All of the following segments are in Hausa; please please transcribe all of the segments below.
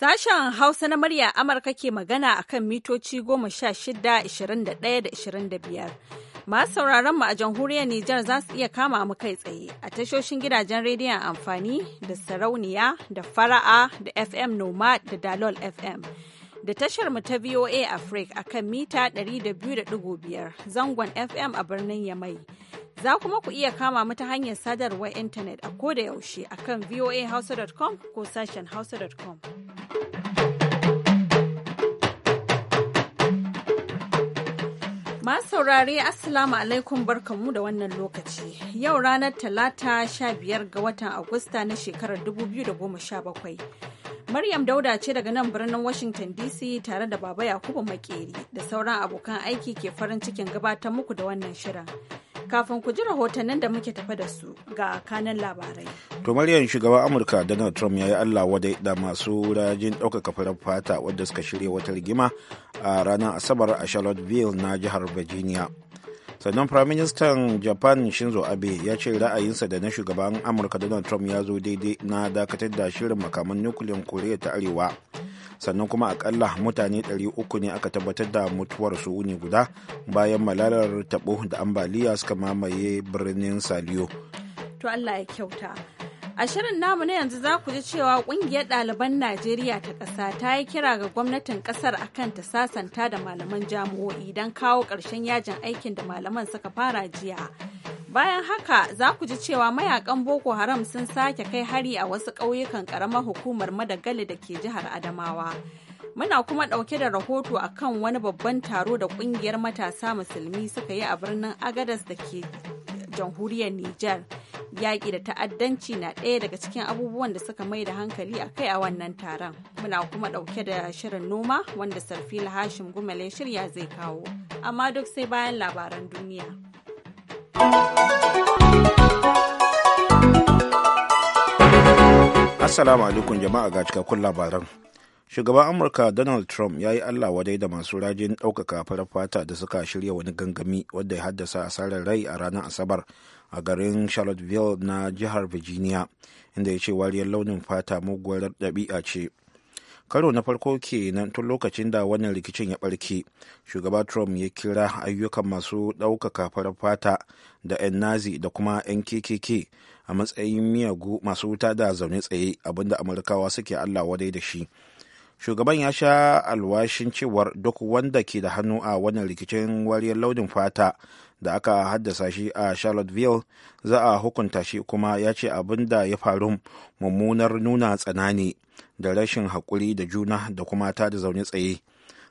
Sashen Hausa na murya Amurka ke magana a kan mitoci goma sha shida, ishirin da ɗaya da ishirin da biyar. Masu sauraron mu a jamhuriyar Nijar za su iya kama mu kai tsaye a tashoshin gidajen rediyon amfani da sarauniya da fara'a da FM Noma da Dalol FM. da tashar mu ta VOA Africa akan mita 200.5 zangon FM a birnin Yamai. Za kuma ku iya kama mu ta hanyar sadarwar intanet a koda yaushe akan voahausa.com ko sashen hausa.com. Masu saurare Assalamu alaikum barkanmu da wannan lokaci. Yau ranar Talata 15 ga watan Agusta na shekarar 2017. Maryam Dauda ce daga nan birnin Washington DC tare da Baba Yakubu Makeri da sauran abokan aiki ke farin cikin gabatar muku da wannan shirin. Kafin ku ji rahotannin da muke tafa da su ga kanan labarai. To Maryam shugaban Amurka Donald Trump ya yi Allah wadai da masu rajin ɗaukaka farar fata wadda suka shirya wata rigima a ranar Asabar a Charlottesville na jihar Virginia. sannan firaministan japan shinzo abe ya ce ra'ayinsa da na shugaban amurka donald trump ya zo daidai na dakatar da shirin makaman nukiliyar koriya ta arewa sannan kuma akalla mutane 300 ne aka tabbatar da mutuwar su wuni guda bayan malalar taɓo da ambaliya suka mamaye birnin saliyo to allah ya kyauta A shirin namu na yanzu za ku ji cewa kungiyar ɗaliban Najeriya ta ƙasa ta yi kira ga gwamnatin ƙasar akan ta sasanta da malaman jami'o'i don kawo ƙarshen yajin aikin da malaman suka fara jiya. Bayan haka za ku ji cewa mayakan Boko Haram sun sake kai hari a wasu ƙauyukan ƙaramar hukumar Madagali da ke jihar Adamawa. Muna kuma ɗauke da rahoto a kan wani babban taro da ƙungiyar matasa musulmi suka yi a birnin Agadas da ke jamhuriyar Nijar. Yaƙi da ta'addanci na ɗaya daga cikin abubuwan da suka mai da hankali a kai a wannan taron. Muna kuma ɗauke da shirin noma wanda Sarfila Hashim Gumale shirya zai kawo. Amma duk sai bayan labaran duniya. Assalamu alaikum jama'a ga cikakkun labaran. Shugaban Amurka Donald Trump ya yi Allah wadai da masu rajin ɗaukaka farar fata da suka shirya wani gangami wadda ya haddasa asarar rai a ranar Asabar a garin charlotteville na jihar virginia inda ya ce wariyar launin fata muguwar ɗabi'a ce karo na farko ke nan tun lokacin da wannan rikicin ya ɓarke shugaba trump ya kira ayyukan masu ɗaukaka farar fata da 'yan nazi da kuma 'yan kkk a matsayin miyagu masu wuta da zaune tsaye abinda amurkawa suke allah wadai da shi shugaban ya sha alwashin cewar duk wanda ke da hannu a wannan rikicin wariyar launin fata da aka haddasa shi a charlotteville za a hukunta shi kuma ya ce abin da ya faru mummunar nuna tsanani da rashin haƙuri da juna da kuma ta da zaune tsaye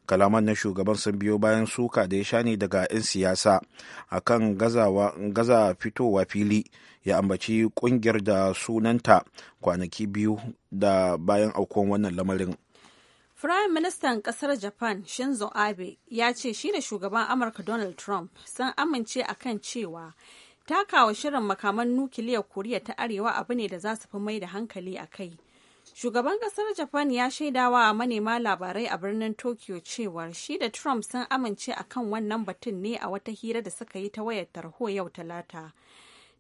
kalaman na shugaban sun biyo bayan suka da ya sha ne daga 'yan siyasa akan gaza fitowa fili ya ambaci kungiyar da sunanta kwanaki biyu da bayan aukuwan wannan lamarin Firayim Ministan Ƙasar Japan Shinzo Abe ya ce shi da shugaban Amurka Donald Trump sun amince a kan cewa takawa shirin makaman nukiliyar Koriya ta Arewa abu ne da za su fi mai da hankali a kai. Shugaban ƙasar Japan ya shaidawa manema labarai a birnin Tokyo cewar shi da Trump sun amince a kan wannan batun ne a wata hira da suka yi ta wayar tarho yau Talata.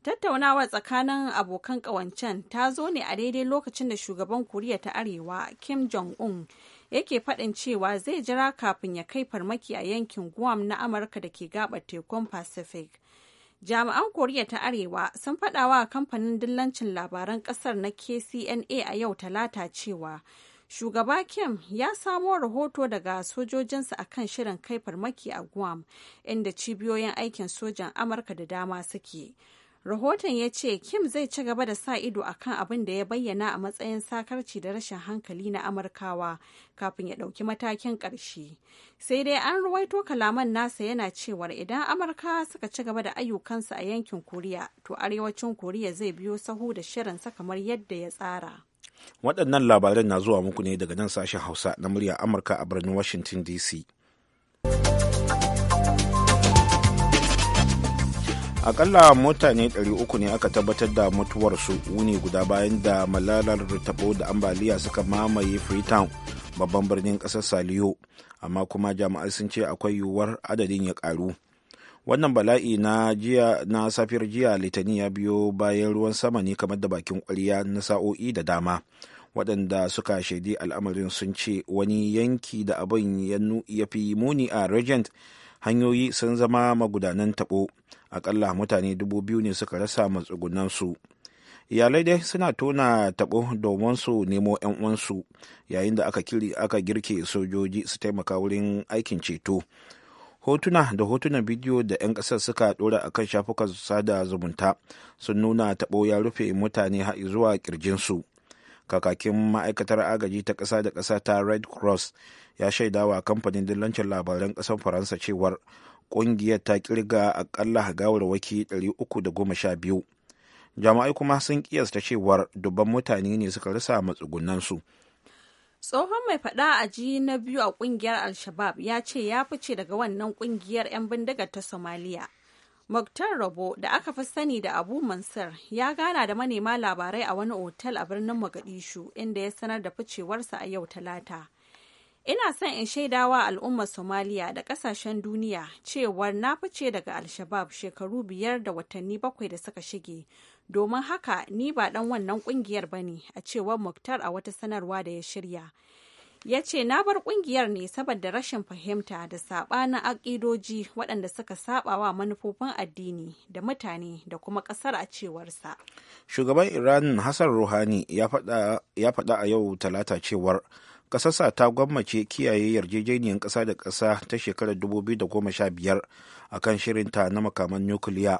tattaunawa tsakanin abokan ƙawancen ta zo ne a daidai lokacin da shugaban koriya ta arewa kim jong-un yake faɗin cewa zai jira kafin ya kai farmaki a yankin Guam na Amurka da ke gabar tekun Pacific. Jami'an Koriya ta Arewa sun faɗawa kamfanin dillancin labaran ƙasar na KCNA a yau talata cewa shugaba kim ya samo rahoto daga sojojinsa a kan shirin kai farmaki a guam inda cibiyoyin aikin sojan amurka da dama suke Rahoton ya ce Kim zai ci gaba da sa ido a kan abin da ya bayyana a matsayin sakarci da rashin hankali na Amurkawa kafin ya ɗauki matakin ƙarshe. Sai dai an ruwaito kalaman nasa yana cewar idan Amurkawa suka ci gaba da ayyukansu a yankin Koriya, to arewacin Koriya zai biyo sahu da shirinsa kamar yadda ya tsara. Waɗannan labaran na zuwa muku ne daga nan sashen Hausa na murya Amurka a birnin Washington DC. akalla mutane 300 ne aka tabbatar da mutuwarsu wuni guda bayan da malalar taɓo da ambaliya suka mamaye freetown babban birnin ƙasar saliyo amma kuma jami'ai sun ce akwai yiwuwar adadin ya karu wannan bala'i na jiya na safiyar jiya litani ya biyo bayan ruwan sama ne kamar da bakin kwarya na sa'o'i da dama waɗanda suka shaidi al'amarin sun ce wani yanki da abin ya fi muni a regent hanyoyi sun zama magudanan taɓo akalla mutane dubu biyu ne suka rasa matsugunansu iyalai dai suna tona taɓo domin su nemo 'yan uwansu yayin da aka kiri aka girke sojoji su taimaka wurin aikin ceto hotuna da hotunan bidiyo da 'yan ƙasar suka ɗora a kan shafukan sada zumunta sun nuna taɓo ya rufe mutane zuwa ƙirjinsu kakakin ma'aikatar agaji ta ƙasa da ƙasa ta red cross ya shaidawa kamfanin dillancin labaran ƙasar faransa cewar ƙungiyar ta kirga akalla waki 312 jama'ai kuma sun kiyasta cewar dubban mutane ne suka rasa matsugunansu tsohon mai fada a ji na biyu a kungiyar al-shabab ya ce ya fice daga wannan kungiyar 'yan bindiga ta somaliya moktar Rabo da aka fi sani da Abu Mansur ya gana da manema labarai a wani otal a birnin Mogadishu inda ya sanar da ficewarsa a yau Talata. Ina son in shaidawa al'ummar Somaliya da kasashen duniya cewar na fice daga Alshabab shekaru biyar da watanni bakwai da suka shige. Domin haka ni ba dan wannan kungiyar bane a cewar moktar a wata sanarwa da ya shirya. ya ce na bar kungiyar ne saboda rashin fahimta da sabanin akidoji waɗanda suka saba wa manufofin addini da mutane da kuma ƙasar a cewarsa shugaban iran hassan ruhani ya faɗa a yau talata cewar ƙasarsa ta gwammace kiyaye yarjejeniyar ƙasa da ƙasa ta shekarar 2015 a kan shirinta na makaman nukiliya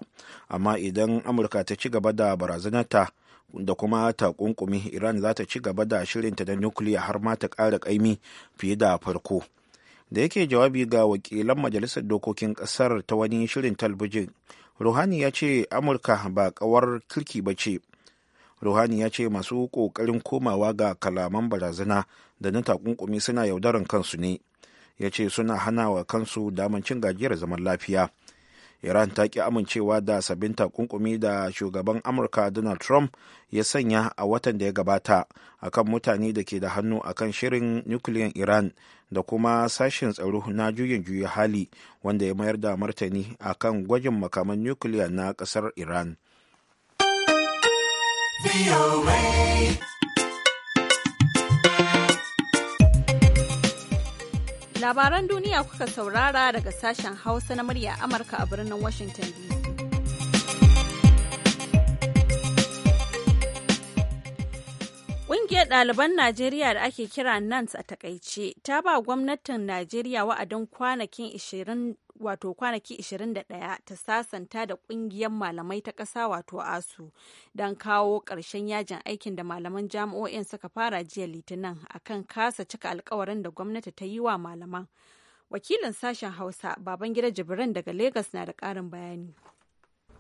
amma idan amurka ta ci gaba da barazanarta da kuma takunkumi iran za ta ci gaba da shirinta da nukiliya har ma ta ƙara kaimi fiye da farko da yake jawabi ga wakilan majalisar dokokin ƙasar ta wani shirin talbijin ruhani ya ce amurka ba kawar kirki ba ce ruhani ya ce masu ƙoƙarin komawa ga kalaman barazana da na takunkumi suna yaudaran kansu ne ya ce suna hana wa kansu damancin cin gajiyar zaman lafiya iran ta ki amincewa da sabbin takunkumi da shugaban amurka donald trump ya sanya a watan da ya gabata akan mutane da ke da hannu akan shirin nukiliyan iran da kuma sashen tsaro na juyin juya hali wanda ya mayar da martani akan gwajin makaman nukiliya na kasar iran. Labaran duniya kuka saurara daga sashen Hausa na murya Amurka a birnin Washington DC. Ƙungiyar ɗaliban Najeriya da ake kira NANS a takaice ta ba gwamnatin Najeriya wa'adin kwanakin wato kwanaki 21 ta sasanta da kungiyar malamai ta ƙasa wato asu don kawo ƙarshen yajin aikin da malaman jami'o'in suka fara jiya litinin akan kasa cika alkawarin da gwamnati ta yi wa malaman wakilin sashen hausa baban babangida jibrin daga Legas na da ƙarin bayani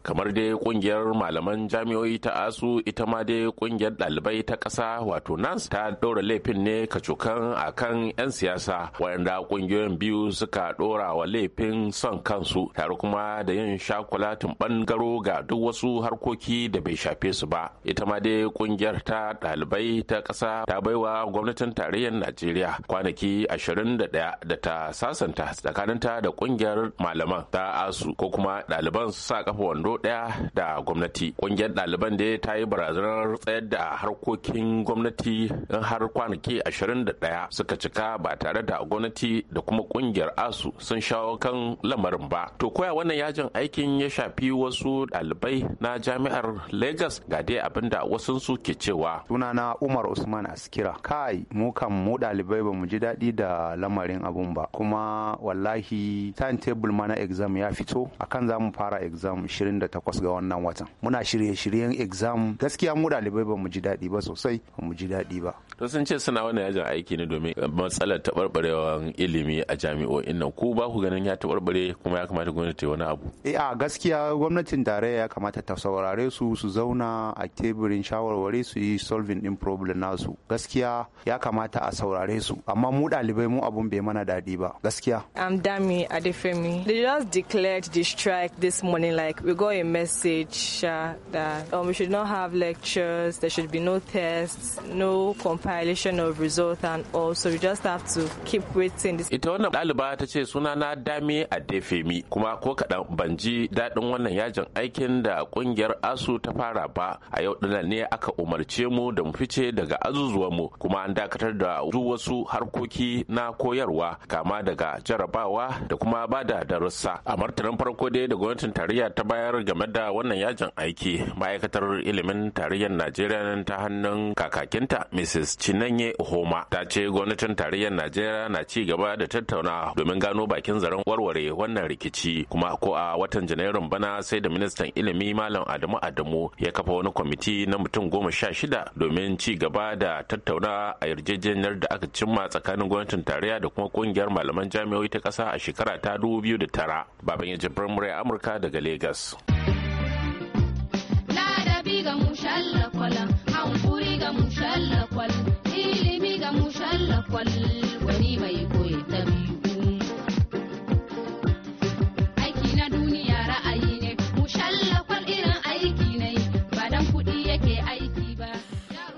kamar dai kungiyar malaman jami'o'i ta asu ita ma dai kungiyar ɗalibai ta ƙasa wato nans ta ɗora laifin ne kacokan a kan 'yan siyasa waɗanda kungiyoyin biyu suka ɗora wa laifin son kansu tare kuma da yin shakula shakulatin ɓangaro ga duk wasu harkoki da bai shafe su ba ita ma dai kungiyar ta ɗalibai ta kasa ta baiwa gwamnatin tarayyar najeriya kwanaki ashirin da da ta sasanta tsakaninta da kungiyar malaman ta asu ko kuma ɗaliban sa kafa wando daya da gwamnati kungiyar ɗaliban da ta yi barazanar tsayar da harkokin gwamnati in har kwanaki 21 suka cika ba tare da gwamnati da kuma kungiyar asu sun shawo kan lamarin ba to koya wannan yajin aikin ya shafi wasu ɗalibai na jami'ar lagos ga dai abin da wasu su ke cewa sunana umar usman askira kai mu kan mu ɗalibai ba mu ji daɗi da lamarin abun ba kuma wallahi timetable mana exam ya fito akan za mu fara exam takwas ga wannan watan muna shirye-shiryen exam gaskiya mu ɗalibai ba mu ji daɗi ba sosai ba mu ji daɗi ba to sun ce suna wannan yajin aiki ne domin matsalar taɓarɓarewar ilimi a jami'o'in nan ku ba ku ganin ya taɓarɓare kuma ya kamata gwamnati wani abu eh a gaskiya gwamnatin tarayya ya kamata ta saurare su su zauna a teburin shawarwari su yi solving din problem nasu gaskiya ya kamata a saurare su amma mu ɗalibai mu abun bai mana daɗi ba gaskiya I'm Dami Adefemi they just declared the strike this morning like we go got a message uh, that um, we should not have lectures, there should be no tests, no compilation of results and all. So we just have to keep waiting. Ita wannan ɗaliba ta ce suna na dame a defemi kuma ko kaɗan ban ji daɗin wannan yajin aikin da ƙungiyar asu ta fara ba a yau ɗinan ne aka umarce mu da mu fice daga mu kuma an dakatar da wasu harkoki na koyarwa kama daga jarabawa da kuma ba da darussa a martanin farko dai da gwamnatin tarayya ta bayar sanarwar game da wannan yajin aiki ma'aikatar ilimin tarayyar najeriya ta hannun kakakinta mrs chinanye homa ta ce gwamnatin tarayyar najeriya na ci gaba da tattauna domin gano bakin zaren warware wannan rikici kuma ko a watan janairun bana sai da ministan ilimi malam adamu adamu ya kafa wani kwamiti na mutum goma sha shida domin ci gaba da tattauna a yarjejeniyar da aka cimma tsakanin gwamnatin tarayya da kuma kungiyar malaman jami'o'i ta kasa a shekara ta dubu biyu da tara. baban ya jibrin amurka daga Legas. صلى والوليمة يكون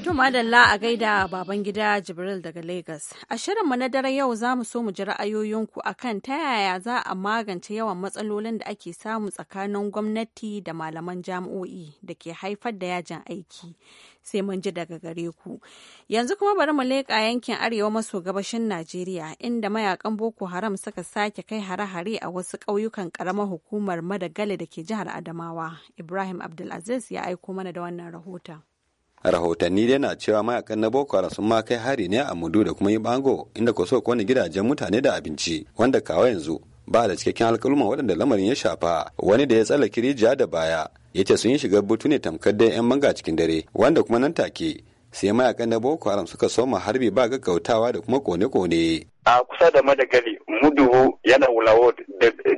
To madalla a gaida baban gida Jibril daga Lagos. A shirinmu na dare yau za mu so mu ji ra'ayoyinku a kan ta yaya za a magance yawan matsalolin da ake samu tsakanin gwamnati da malaman jami'o'i da ke haifar da yajin aiki. Sai mun ji daga gare ku. Yanzu kuma bari mu leƙa yankin arewa maso gabashin Najeriya inda mayakan Boko Haram suka sake kai hare-hare a wasu ƙauyukan ƙaramar hukumar Madagali da ke jihar Adamawa. Ibrahim Abdulaziz ya aiko mana da wannan rahoton. rahotanni dai na cewa mayakan na boko haram sun ma kai hari ne a mudu da kuma yi bango inda ko wani gidajen mutane da abinci wanda kawo yanzu ba da cikakken alkaluma waɗanda lamarin ya shafa wani da ya tsala kirija da baya ya ce sun yi shigar butu ne tamkar da 'yan manga cikin dare wanda kuma nan take sai mayakan na boko haram suka soma harbi ba kautawa da kuma kone-kone a kusa da madagali muduhu yana wulawo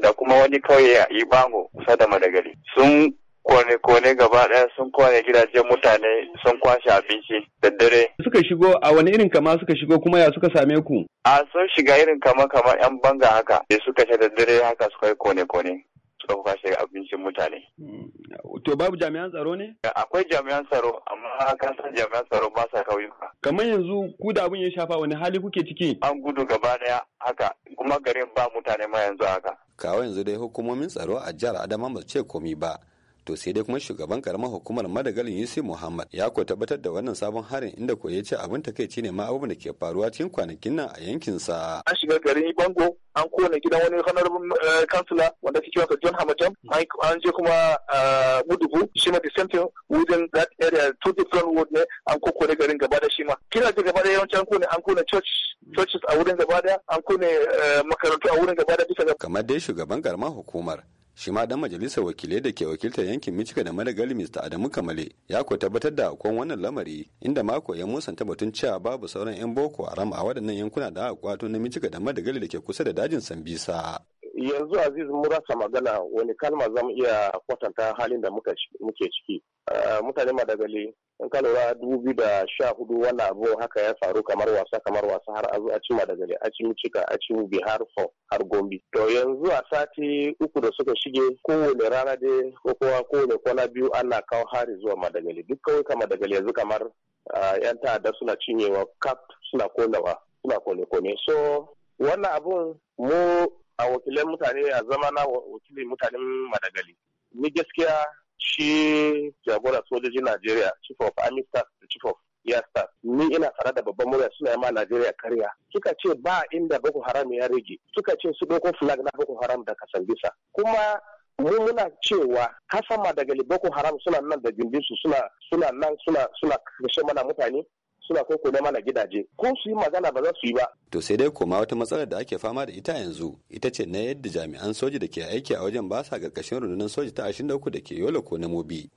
da kuma wani kauye a ibango kusa da madagali sun kone-kone gaba ɗaya sun kwane gidajen mutane sun kwashe abinci da dare. Suka shigo a wani irin kama suka shigo kuma ya suka same ku? A sun shiga irin kama kama 'yan banga haka da suka sha da dare haka suka yi kone-kone. suka kwashe abincin mutane. Hmm, to babu jami'an tsaro ne? Akwai jami'an tsaro amma kan san jami'an tsaro ba sa kauyuka. Kamar yanzu ku da abin ya shafa wani hali kuke ciki? An gudu gaba ɗaya haka kuma garin ba mutane ma yanzu haka. Kawai yanzu dai hukumomin tsaro a jihar Adama ba ce komi ba to sai dai kuma shugaban karamar hukumar madagalin yusuf muhammad ya ko tabbatar da wannan sabon harin inda ko ya ce abin takaici ne ma abubuwan da ke faruwa cikin kwanakin nan a yankin sa. an shiga garin bango an kone gidan wani honorable kansila eh, wanda ke wasa john hamilton hmm. an je kuma eh, mudubu shi ma dissenting within that area two different ward ne an koko kokone garin gaba da shi ma kina ji gaba da yawanci an kone an kone church churches a wurin gaba da an kone eh, makarantu a wurin gaba da bisa kamar dai shugaban karamar hukumar shi ma dan majalisar wakilai da ke wakiltar yankin michigan da madagali mr adamu kamale ya ko tabbatar da akwai wannan lamari inda mako ya musanta batun cewa babu sauran yan boko haram a waɗannan yankuna da aka kwato na michigan da madagali da ke kusa da dajin sambisa yanzu aziz mun rasa magana wani kalma zamu iya kwatanta halin da muke ciki eh, mutane madagali in ka lura dubu biyu da sha hudu wannan abu haka ya faru kamar wasa kamar wasa har azu a cima daga a cimi cika a cimi bihar fo har gombe to yanzu a sati uku da suka shige kowane rana dai ko kowa kowane kwana biyu ana kawo hari zuwa madagali duk kawai ka madagali yanzu kamar yan ta'adda suna cinyewa kap suna suna kone-kone so wannan abun mu a wakilan mutane a zama na wakilin mutanen madagali ni gaskiya shi jagora sojojin Najeriya chief of army staff da chief of air staff ni ina fara da babban murya suna ma Najeriya karya Kika ce ba inda Boko Haram ya rage Kika ce su ɗauko flag na Boko Haram da Kasambisa kuma mu muna cewa kasama daga Boko Haram suna nan da gindinsu suna suna nan suna suna kashe mana mutane suna kuma mana gidaje ko su yi magana ba za su yi ba to sai dai koma wata matsalar da ake fama da ita yanzu ita ce na yadda jami'an soji da ke aiki a wajen ba sa karkashin rundunar soji ta 23 da ke yola ko na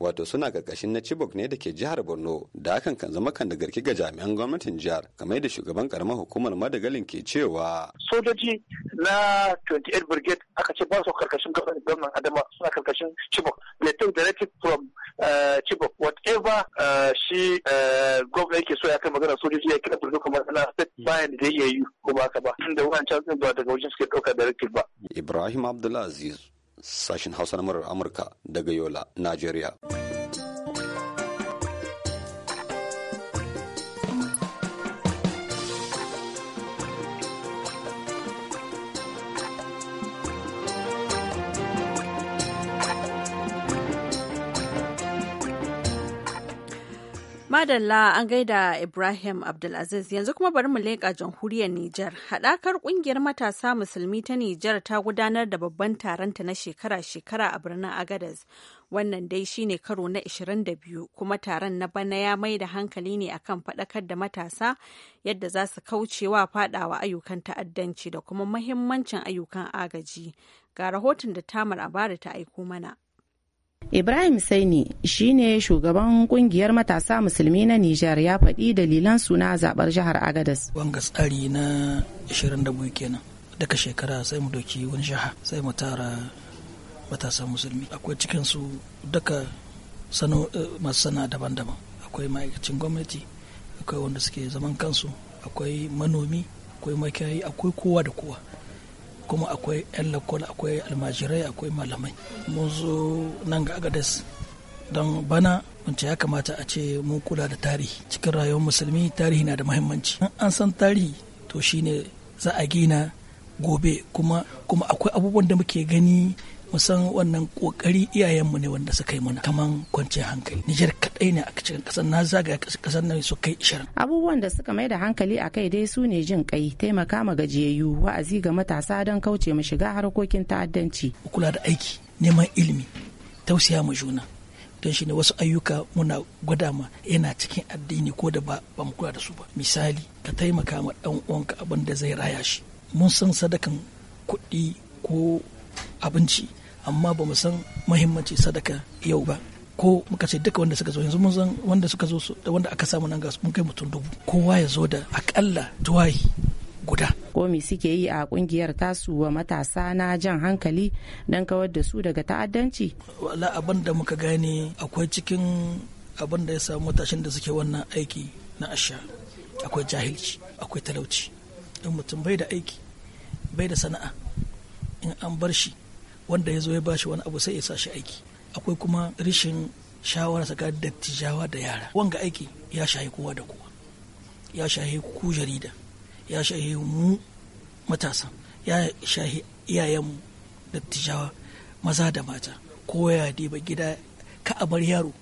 wato suna karkashin na chibok ne da ke jihar borno da hakan kan zama kan da ga jami'an gwamnatin jihar kamar da shugaban karamar hukumar madagalin ke cewa sojoji na 28 brigade aka ce ba su karkashin gwamnan adama suna karkashin chibok they da directive from Eh, Chibok whatever eh, shi eh, gwamnati yake so ya kai magana sojoji ya kira Borno kamar ana set bayan da ya yi ko ba ka ba tunda wancan din ba daga wajen suke dauka directive ba Ibrahim Abdulaziz sashin Hausa na Amurka daga Yola Nigeria. Madalla an gaida Ibrahim Abdulaziz yanzu kuma bari mu leƙa jamhuriyar Nijar. Haɗakar ƙungiyar matasa musulmi ta Nijar ta gudanar da babban taronta na shekara-shekara a birnin agadas Wannan dai shine karo na 22 kuma taron na bana ya mai da hankali ne akan faɗakar da matasa yadda za su wa faɗawa ayyukan ta'addanci da kuma mahimmancin ayyukan agaji. Ga rahoton da Tamar Abari ta aiko mana. Ibrahim Saini shi ne shugaban kungiyar matasa musulmi na Nijar ya faɗi dalilan suna zaɓar jihar Agadas. Wanga tsari na 22 kenan daga shekara sai mu doki wani jiha sai mu tara matasa musulmi. Akwai cikinsu daga eh, masu sana daban-daban. Akwai ma'aikacin gwamnati, akwai wanda suke zaman kansu, akwai manomi, akwai makiyayi, akwai kowa da kowa. kuma akwai 'yan lakol akwai almajirai akwai malamai mun zo nan ga agadas don bana wance ya kamata a ce mun kula da tarihi cikin rayuwar musulmi tarihi na da muhimmanci an san tarihi to shine za a gina gobe kuma kuma akwai abubuwan da muke gani mu san wannan kokari iyayenmu ne wanda suka yi muna kaman kwanciyar hankali Nijar kadai ne a cikin kasar na zaga kasar nan su kai 20 abubuwan da suka mai da hankali a kai dai su ne jin kai taimaka ma gajiyayyu wa'azi ga matasa don kauce mu shiga harkokin ta'addanci kula da aiki neman ilimi tausaya ma juna don shi ne wasu ayyuka muna gwada ma yana cikin addini ko da ba mu kula da su ba misali ka taimaka ma dan uwanka abin da zai raya shi mun san sadakan kuɗi ko abinci amma ba mu san mahimmanci sadaka yau ba ko muka ce duka wanda suka zo yanzu mun san wanda suka zo da wanda aka samu nan ga mun kai mutum dubu kowa ya zo da akalla tuwayi guda ko me suke yi a kungiyar tasu wa matasa na jan hankali dan kawar da su daga ta'addanci wala abin da muka gane akwai cikin abin da ya samu matashin da suke wannan aiki na asha akwai jahilci akwai talauci in mutum bai da aiki bai da sana'a in an bar shi wanda ya zo ya bashi wani abu sai ya sa shi aiki akwai kuma rishin shawara tsakanin dattijawa da yara wanga aiki ya shahi kowa da kowa ya shahi ku jarida ya shahi mu matasa ya shahi iyayenmu dattijawa maza da mata ko ya diba gida ka a yaro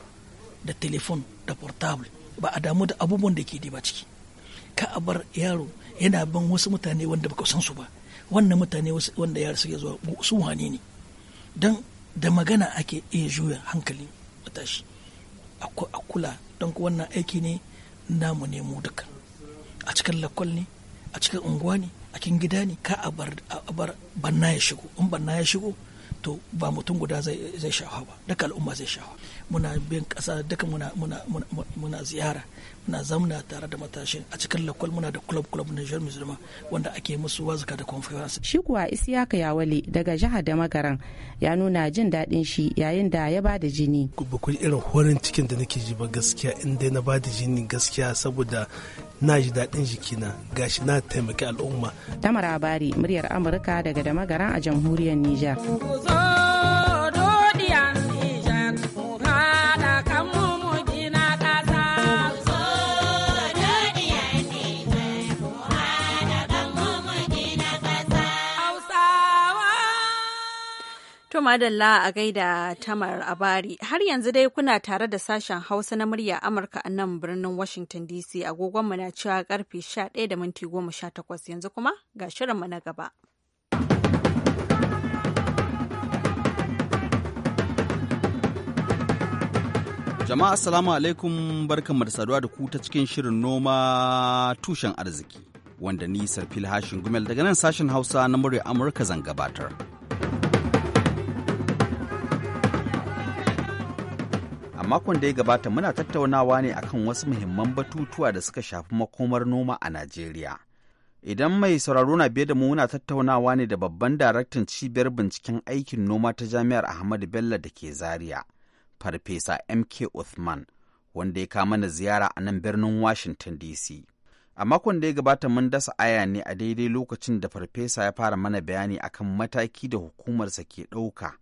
da telefon da portable ba a damu da abubuwan da ke diba ciki ka a yaro yana ban wasu mutane wanda baka san su ba wannan mutane wanda yara suke zuwa su wane ne don da magana ake iya juya hankali matashi a kula don wannan aiki ne namu ne mu duka a cikin lakwal ne a cikin unguwa ne a cikin gida ne ka a bar banna ya shigo in banna ya shigo to ba mutum guda zai shafa ba duka al'umma zai shafa muna bin ƙasa duka muna ziyara muna zamna tare da matashin a cikin lakwal muna da club club na jihar musulma wanda ake musu wazuka da conference shi kuwa isiyaka yawale daga jihar da magaran ya nuna jin daɗin shi yayin da ya bada jini ba kun irin horin cikin da nake ji ba gaskiya in dai na bada jini gaskiya saboda na ji daɗin jikina gashi na taimaki al'umma tamara bari muryar amurka daga da magaran a jamhuriyar nijar madalla a gaida tamar abari har yanzu dai kuna tare da sashen hausa na murya amurka a nan birnin washington dc agogonmu na cewa karfe 11 da minti 18 yanzu kuma ga shirinmu na gaba jama'a assalamu alaikum barkanmu da saduwa da ku ta cikin shirin noma tushen arziki wanda ni sarfil hashin gumel daga nan sashen hausa na murya amurka zan gabatar a makon da ya gabata muna tattaunawa ne akan wasu muhimman batutuwa da suka shafi makomar noma a Najeriya. Idan mai sauraro na biye da mu muna tattaunawa ne da babban daraktan cibiyar binciken aikin noma ta jami'ar Ahmadu Bello da ke Zaria, Farfesa MK Uthman, wanda ya kama na ziyara a nan birnin Washington DC. A makon da ya gabata mun dasa aya ne a daidai lokacin da farfesa ya fara mana bayani akan mataki da hukumarsa ke ɗauka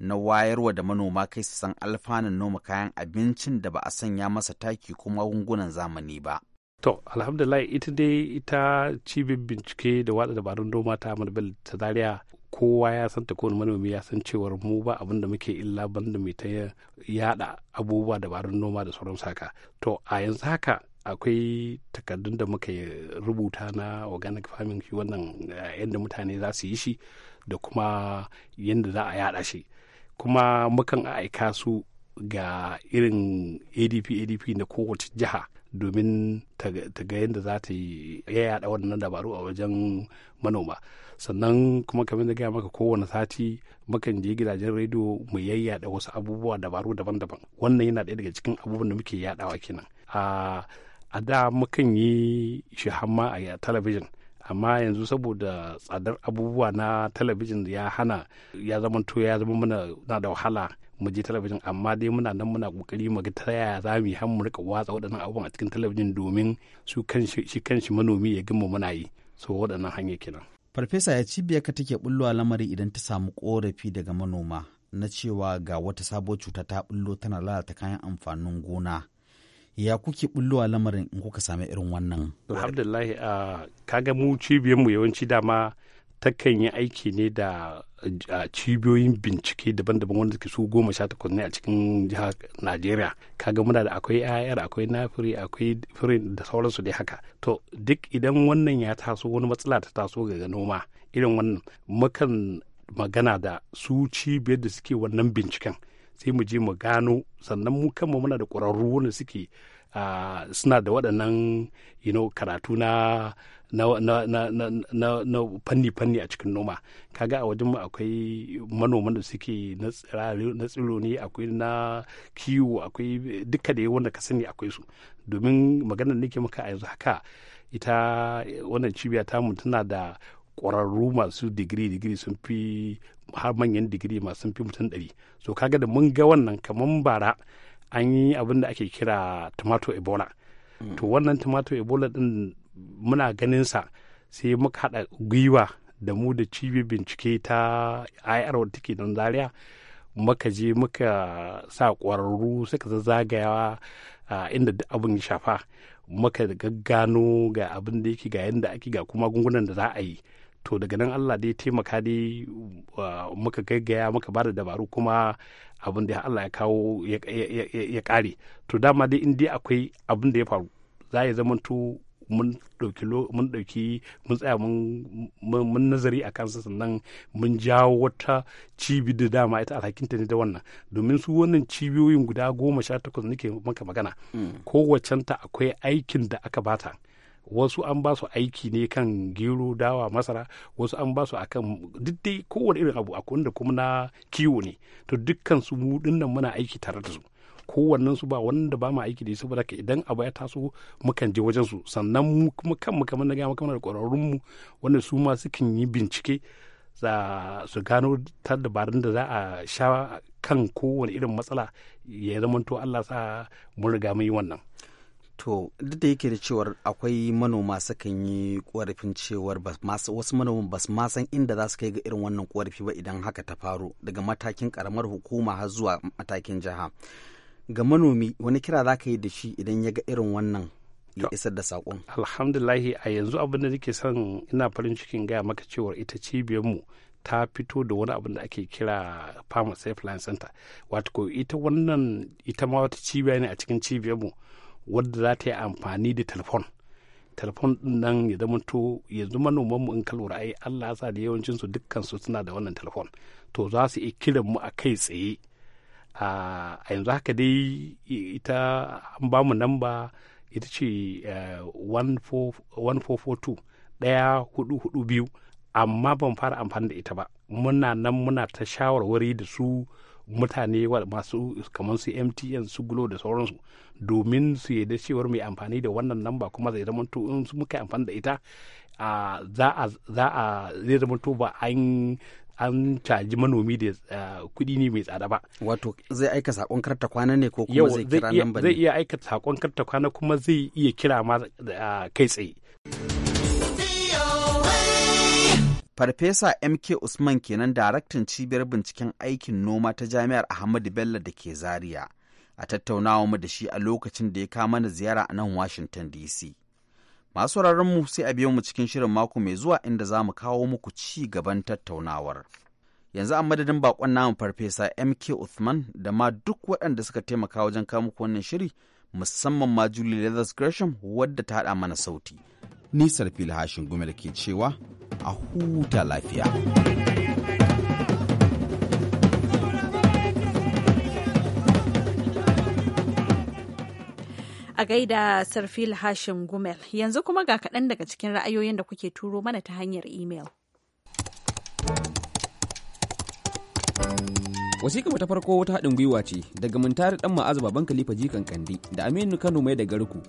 na wayarwa da manoma kai su san alfanun noma kayan abincin da ba a sanya masa taki ko magungunan zamani ba. To, alhamdulillah ita dai ita cibin bincike da watsa dabarun noma ta Ahmad ta Zaria kowa ya san ta kowane manomi ya san cewar mu ba abin da muke illa ban da ta yada abubuwa dabarun noma da sauran saka. To, a yanzu haka akwai takardun da muka rubuta na organic farming shi wannan eh, yadda mutane za su yi shi da kuma yadda za a yada shi kuma mukan aika su ga irin adp adp na kowace jiha domin ta ga yadda za ta yi yada wannan dabaru a wajen manoma sannan kuma kamar da gaya maka kowane sati mukan je gidajen rediyo mu yayyada wasu abubuwa dabaru daban-daban wannan yana daya daga cikin abubuwan da muke yadawa kenan a da mukan yi shi hamma a talabijin amma yanzu saboda tsadar abubuwa na talabijin ya hana ya zama to ya zama mana na da wahala mu je talabijin amma dai muna nan muna kokari mu ga ta yaya za mu yi har mu rika watsa waɗannan abubuwan a cikin talabijin domin su kanshi shi manomi ya gama muna yi so waɗannan hanyar kenan farfesa ya cibiyar ka take bullowa lamari idan ta samu korafi daga manoma na cewa ga wata sabuwar cuta ta bullo tana lalata kayan amfanin gona ya kuke a lamarin in kuka sami irin wannan alhamdulillah kaga mu mu yawanci dama takan yi aiki ne da cibiyoyin bincike daban-daban wanda suke su goma sha takwas ne a cikin jihar najeriya kaga muna da akwai ayar akwai nafiri akwai firin da sauransu dai haka to duk idan wannan ya taso wani matsala ta taso ga noma irin wannan mukan magana da su cibiyar da suke wannan binciken sai mu je mu gano sannan mu kanmu muna da ƙwararru wanda suke suna da waɗannan karatu na fanni-fanni a cikin noma kaga a wajen mu akwai manoman da suke na tsiro ne akwai na kiwo akwai duka da wanda ka sani akwai su domin maganar nake maka a yanzu haka ita wannan cibiya tamu tana da ƙwararru masu digiri digiri sun fi har manyan digiri masu fi mutum ɗari so kaga da mun ga wannan kamar bara an yi abin da ake kira tomato ebola mm. to wannan tomato ebola din muna ganin sa sai muka haɗa gwiwa da mu da cibi bincike ta ir wadda take don zaria muka je muka sa ƙwararru suka zazzagaya inda duk abin ya shafa muka gaggano ga abin da yake ga yadda ake ga kuma gungunan da za a yi to daga nan Allah dai taimaka dai muka gaggaya muka da dabaru kuma abin da Allah ya kawo ya kare to dama dai in dai akwai abin da ya faru za ya zamanto mun ɗauki mun ɗauki mun tsaya mun nazari a kansa sannan mun jawo wata cibi da dama ita alhakinta ne da wannan domin su wannan cibiyoyin guda goma sha takwas nake maka magana mm. kowacenta akwai aikin da aka bata wasu an ba su aiki ne kan gero dawa masara wasu an ba su akan kan dai kowane irin abu akwai da kuma na kiwo ne to dukkan su mu dinnan muna aiki tare da su kowannen su ba wanda ba ma aiki da su ba idan abu ya taso mukan je wajen su sannan mu kuma kan mu kamar na ga kamar kwararrun mu wanda su ma sukan yi bincike za su gano ta dabarun da za a sha kan kowane irin matsala ya zamanto Allah sa mun riga mun yi wannan to duk da yake da cewar akwai manoma sukan yi korafin cewar wasu manoman ba ma san inda za su kai ga irin wannan korafi ba idan haka ta faru daga matakin karamar hukuma har zuwa matakin jiha ga manomi wani kira za ka yi da shi idan ya ga irin wannan ya isar da saƙon alhamdulahi a yanzu abin da nake son ina farin cikin gaya maka cewar ita cibiyarmu ta fito da wani abin da ake kira farmer safe line center wato ita wannan ita ma wata cibiya ne a cikin cibiyar mu wadda za ta yi amfani da telefon telefon din nan ya to yanzu manoman mu in ka ai Allah ya sa da yawancin su dukkan su suna da wannan telefon to za su iya kiran mu a kai tsaye a yanzu haka dai ita an ba mu namba ita ce 1442 eh, ɗaya hudu hudu biyu amma ban fara amfani da ita ba muna nan muna ta shawarwari da su mutane masu kamar su mtn su gulo da sauransu domin su da cewar mai amfani da wannan namba kuma zai zama to in muka amfani da ita za a zai zama to ba an an caji manomi da kudi ne mai tsada ba. Wato zai aika sakon karta kwana ne ko kuma zai kira nan ne? Zai iya aika sakon karta kwana kuma zai iya kira ma kai tsaye. Farfesa MK Usman kenan daraktan cibiyar binciken aikin noma ta Jami'ar Ahmadu Bello da ke Zaria, a tattaunawa mu da shi a lokacin da ya kawo mana ziyara a nan Washington DC. Masu mu sai a biyo mu cikin shirin mako mai zuwa inda za mu kawo muku ci gaban tattaunawar. Yanzu a madadin bakon namu Farfesa MK usman da ma duk waɗanda suka taimaka wajen kawo muku wannan shiri musamman ma Julie Leathers Gresham wadda ta haɗa mana sauti. nisar filhashin gumel ke cewa a huta lafiya. A gaida Sarfil Hashim Gumel, yanzu kuma ga kaɗan daga cikin ra'ayoyin da kuke turo mana ta hanyar imel. wasiƙa ta farko wata haɗin gwiwa ce daga mintari ɗan ma'azu baban khalifa jikan kandi da aminu kano mai da garku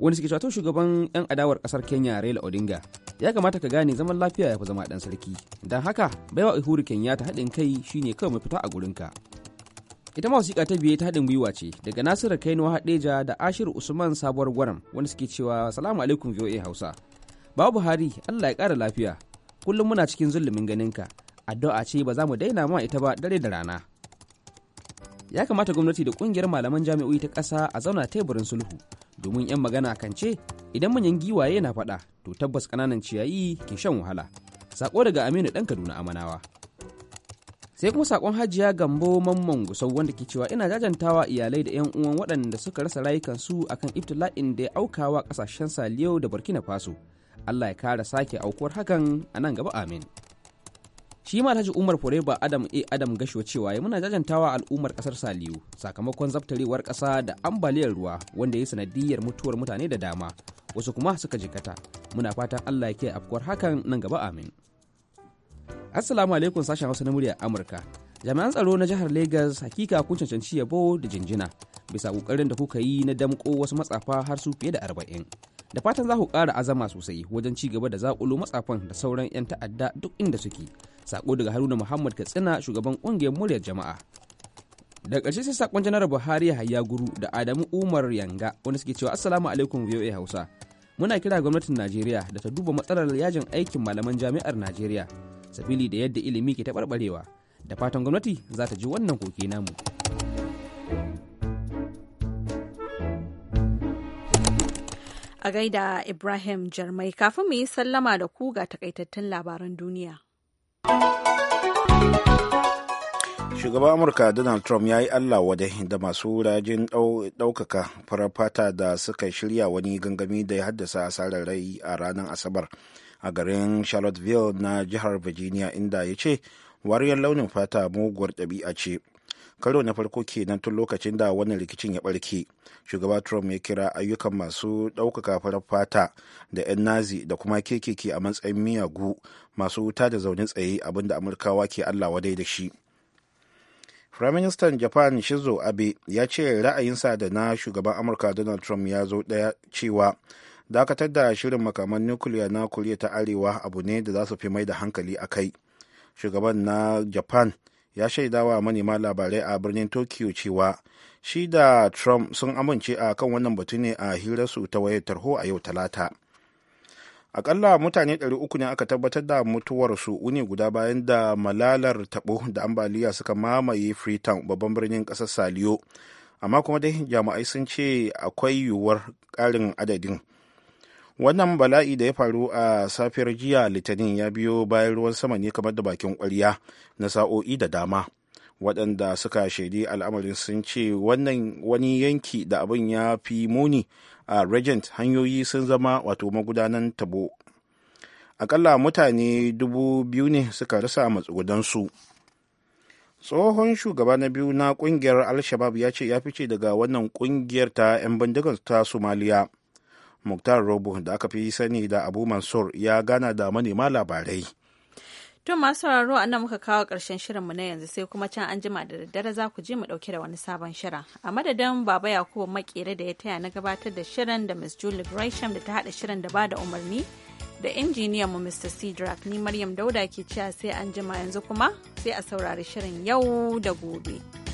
wani suke cewa shugaban 'yan adawar kasar kenya raila odinga ya kamata ka gane zaman lafiya ya fi zama dan sarki don haka baiwa uhuru kenyatta haɗin kai shine kawai fita a gurin ka. ita mawasiƙa ta biye ta haɗin gwiwa ce daga nasiru kainuwa haɗeja da ashiru usman sabuwar gwaram wani suke cewa salamu alaikum voa hausa babu buhari allah ya ƙara lafiya kullum muna cikin zulumin ganinka addu'a ce ba za mu daina ma ita ba dare da rana ya kamata gwamnati da ƙungiyar malaman jami'o'i ta ƙasa a zauna teburin sulhu domin 'yan magana kan ce idan manyan giwaye na faɗa to tabbas ƙananan ciyayi ke shan wahala Saƙo daga aminu ɗan kaduna amanawa sai kuma sakon hajiya gambo mamman gusau wanda ke cewa ina jajantawa iyalai da 'yan uwan waɗanda suka rasa rayukansu akan ibtila'in da ya aukawa ƙasashen saliyo da burkina faso allah ya kara sake aukuwar hakan a nan gaba amin shi ma ta ji umar foreba adam a adam gasho cewa ya muna jajantawa al'ummar kasar saliyu sakamakon zaftarewar kasa da ambaliyar ruwa wanda ya yi sanadiyar mutuwar mutane da dama wasu kuma suka jikata muna fatan allah ya ke afkuwar hakan nan gaba amin assalamu alaikum sashen hausa na muryar amurka jami'an tsaro na jihar Legas hakika kun cancanci yabo da jinjina bisa kokarin da kuka yi na damko wasu matsafa har su fiye da arba'in da fatan za ku ƙara azama sosai wajen ci gaba da zaƙulo matsafan da sauran 'yan ta'adda duk inda suke sako daga haruna muhammad katsina shugaban ƙungiyar muryar jama'a da ƙarshe sai sakon janar buhari hayya guru da adamu umar yanga wanda suke cewa assalamu alaikum voa hausa muna kira gwamnatin najeriya da ta duba matsalar yajin aikin malaman jami'ar najeriya sabili da yadda ilimi ke taɓarɓarewa da fatan gwamnati za ta ji wannan koke namu. A gaida Ibrahim Jarmai kafin mu yi sallama da ku ga takaitattun labaran duniya. Shugaban Amurka Donald Trump ya yi Allah wadai da masu rajin ɗaukaka farar fata da suka shirya wani gangami da ya haddasa asarar rai a ranar Asabar a garin Charlottesville na jihar Virginia inda ya ce wariyar launin fata muguwar ɗabi'a ce. karo na farko kenan tun lokacin da wannan rikicin ya barke shugaba trump ya kira ayyukan masu ɗaukaka farar fata da 'yan nazi da kuma kekeke a matsayin miyagu masu wuta da zaune tsaye abinda amurkawa ke allah wadai da shi firaministan japan shizo abe ya ce ra'ayinsa da na shugaban amurka donald trump ya zo ɗaya cewa dakatar da shirin makaman nukiliya na koriya ta arewa abu ne da za su fi mai da hankali a kai shugaban na japan ya shaidawa manema labarai a birnin tokyo cewa shi da trump sun amince a kan wannan batu ne a hirarsu ta wayar tarho a yau talata akalla mutane 300 ne aka tabbatar da mutuwarsu wuni guda bayan da malalar tabo da ambaliya suka mamaye freetown babban birnin kasar saliyo amma kuma dai jami'ai sun ce akwai yiwuwar ƙarin adadin wannan bala'i da ya faru a safiyar jiya litinin ya biyo bayan ruwan sama ne kamar da bakin kwarya na sa'o'i da dama waɗanda suka shaidi al'amarin sun ce wannan wani yanki da abin ya fi muni a regent hanyoyi sun zama wato magudanan tabo akalla mutane dubu biyu ne suka rasa matsugudansu tsohon shugaba na biyu na kungiyar al-shabab ya ce ya fice daga wannan kungiyar ta 'yan bindigar ta somaliya muktar robo da aka fi sani da abu mansur ya gana da manema labarai To masu sauraro a nan muka kawo ƙarshen shirinmu na yanzu sai kuma can an jima da daddare za ku je mu ɗauke da wani sabon shirin. A madadin Baba Yakubu Makere da ya taya na gabatar da shirin da Miss Julie Gresham da ta haɗa shirin da ba da umarni da injiniyan mu Mr. Cedric ni Maryam Dauda ke cewa sai an jima yanzu kuma sai a saurari shirin yau da gobe.